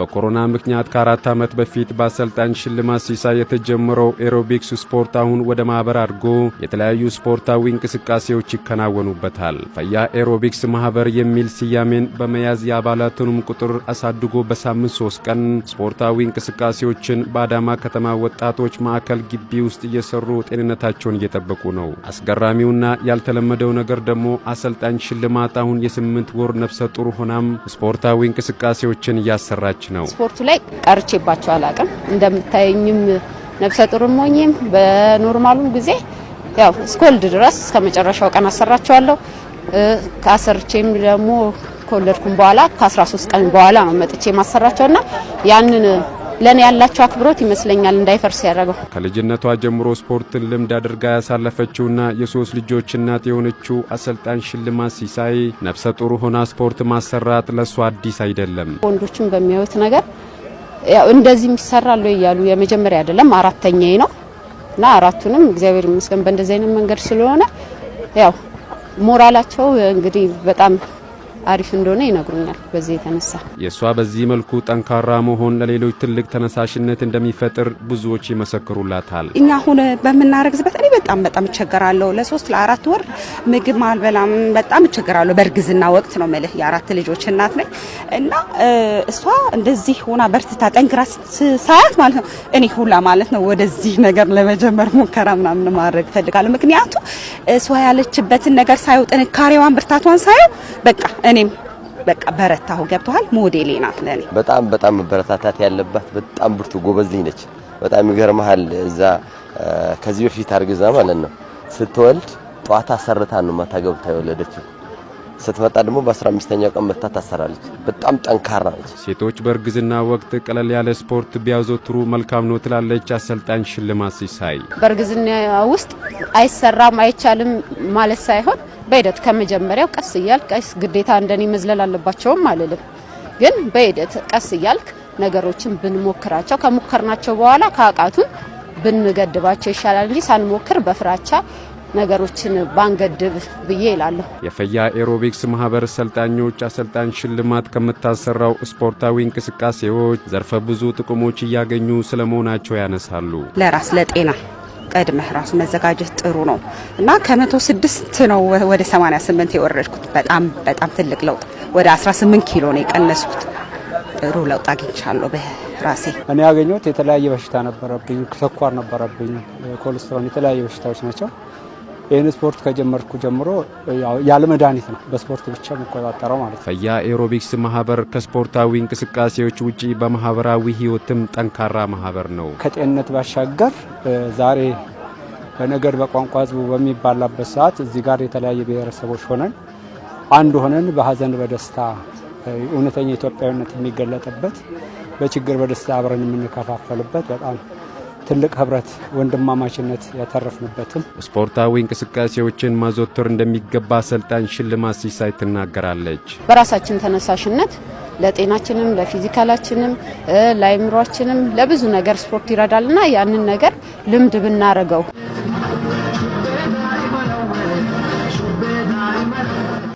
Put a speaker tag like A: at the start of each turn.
A: በኮሮና ምክንያት ከአራት ዓመት በፊት በአሰልጣኝ ሽልማት ሲሳይ የተጀመረው ኤሮቢክስ ስፖርት አሁን ወደ ማኅበር አድጎ የተለያዩ ስፖርታዊ እንቅስቃሴዎች ይከናወኑበታል። ፈያ ኤሮቢክስ ማኅበር የሚል ስያሜን በመያዝ የአባላቱንም ቁጥር አሳድጎ በሳምንት ሶስት ቀን ስፖርታዊ እንቅስቃሴዎችን በአዳማ ከተማ ወጣቶች ማዕከል ግቢ ውስጥ እየሰሩ ጤንነታቸውን እየጠበቁ ነው። አስገራሚውና ያልተለመደው ነገር ደግሞ አሰልጣኝ ሽልማት አሁን የስምንት ወር ነፍሰ ጡር ሆናም ስፖርታዊ እንቅስቃሴዎችን እያሰራች ነው።
B: ስፖርቱ ላይ ቀርቼባቸው አላቅም። እንደምታየኝም ነፍሰ ጡርም ሆኜም በኖርማሉም ጊዜ ያው እስኮልድ ድረስ እስከ መጨረሻው ቀን አሰራቸዋለሁ። ከአሰርቼም ደግሞ ከወለድኩም በኋላ ከ13 ቀን በኋላ መጥቼ ማሰራቸውና ያንን ለእኔ ያላቸው አክብሮት ይመስለኛል እንዳይፈርስ ያደረገው።
A: ከልጅነቷ ጀምሮ ስፖርትን ልምድ አድርጋ ያሳለፈችውና የሶስት ልጆች እናት የሆነችው አሰልጣኝ ሽልማት ሲሳይ ነፍሰ ጡር ሆና ስፖርት ማሰራት ለእሷ አዲስ አይደለም።
B: ወንዶችም በሚያዩት ነገር ያው እንደዚህ ይሰራሉ እያሉ የመጀመሪያ አይደለም አራተኛዬ ነው እና አራቱንም እግዚአብሔር ይመስገን በእንደዚህ አይነት መንገድ ስለሆነ ያው ሞራላቸው እንግዲህ በጣም አሪፍ እንደሆነ ይነግሩኛል። በዚህ የተነሳ
A: የእሷ በዚህ መልኩ ጠንካራ መሆን ለሌሎች ትልቅ ተነሳሽነት እንደሚፈጥር ብዙዎች ይመሰክሩላታል።
B: እኛ አሁን በምናረግዝበት እኔ በጣም በጣም እቸገራለሁ። ለሶስት ለአራት ወር ምግብ አልበላም፣ በጣም እቸገራለሁ። በእርግዝና ወቅት ነው መልህ የአራት ልጆች እናት ነኝ እና እሷ እንደዚህ ሆና በርትታ ጠንክራ ሳያት ማለት ነው እኔ ሁላ ማለት ነው ወደዚህ ነገር ለመጀመር ሙከራ ምናምን ማድረግ እፈልጋለሁ ምክንያቱ እሷ ያለችበትን ነገር ሳየው ጥንካሬዋን ብርታቷን ሳየው በቃ እኔም በቃ በረታሁ። ገብተዋል። ሞዴሌ ናት ለኔ
C: በጣም በጣም መበረታታት ያለባት በጣም ብርቱ ጎበዝ ልጅ ነች። በጣም ይገርመሃል። እዛ ከዚህ በፊት አርግዛ ማለት ነው ስትወልድ ጧታ ሰርታ ነው ማታ ገብታ የወለደችው። ስትመጣ ደግሞ በ15ኛው ቀን መጥታ ታሰራለች። በጣም ጠንካራ ነች።
A: ሴቶች በእርግዝና ወቅት ቀለል ያለ ስፖርት ቢያዘወትሩ መልካም ነው ትላለች አሰልጣኝ ሽልማት ሲሳይ።
B: በእርግዝና ውስጥ አይሰራም አይቻልም ማለት ሳይሆን በሂደት ከመጀመሪያው ቀስ እያልክ ቀስ ግዴታ እንደኔ መዝለል አለባቸውም አልልም፣ ግን በሂደት ቀስ እያልክ ነገሮችን ብንሞክራቸው ከሞከርናቸው በኋላ ከአቃቱን ብንገድባቸው ይሻላል እንጂ ሳንሞክር በፍራቻ ነገሮችን ባንገድብ ብዬ ይላለሁ።
A: የፈያ ኤሮቢክስ ማህበር ሰልጣኞች አሰልጣኝ ሽልማት ከምታሰራው ስፖርታዊ እንቅስቃሴዎች ዘርፈ ብዙ ጥቅሞች እያገኙ ስለመሆናቸው ያነሳሉ።
B: ለራስ ለጤና ቀድመህ ራሱ መዘጋጀት ጥሩ ነው እና ከመቶ ስድስት ነው ወደ 88 የወረድኩት። በጣም በጣም ትልቅ ለውጥ ወደ 18 ኪሎ ነው የቀነስኩት። ጥሩ ለውጥ አግኝቻለሁ በራሴ።
D: እኔ ያገኘሁት የተለያየ በሽታ ነበረብኝ፣ ስኳር ነበረብኝ፣ ኮሌስትሮል የተለያየ በሽታዎች ናቸው ይህን ስፖርት ከጀመርኩ ጀምሮ ያለ መድኃኒት ነው፣ በስፖርት ብቻ የሚቆጣጠረው ማለት
A: ነው። ፈያ ኤሮቢክስ ማህበር ከስፖርታዊ እንቅስቃሴዎች ውጪ በማህበራዊ ህይወትም ጠንካራ ማህበር ነው።
D: ከጤንነት ባሻገር ዛሬ በነገድ በቋንቋ ህዝቡ በሚባላበት ሰዓት እዚህ ጋር የተለያየ ብሔረሰቦች ሆነን አንድ ሆነን በሀዘን በደስታ እውነተኛ ኢትዮጵያዊነት የሚገለጥበት በችግር በደስታ አብረን የምንከፋፈልበት በጣም ትልቅ ህብረት ወንድማማችነት ያተረፍንበትም
A: ስፖርታዊ እንቅስቃሴዎችን ማዘወተር እንደሚገባ አሰልጣኝ ሽልማት ሲሳይ ትናገራለች።
B: በራሳችን ተነሳሽነት ለጤናችንም፣ ለፊዚካላችንም፣ ለአይምሯችንም ለብዙ ነገር ስፖርት ይረዳልና ያንን ነገር ልምድ ብናረገው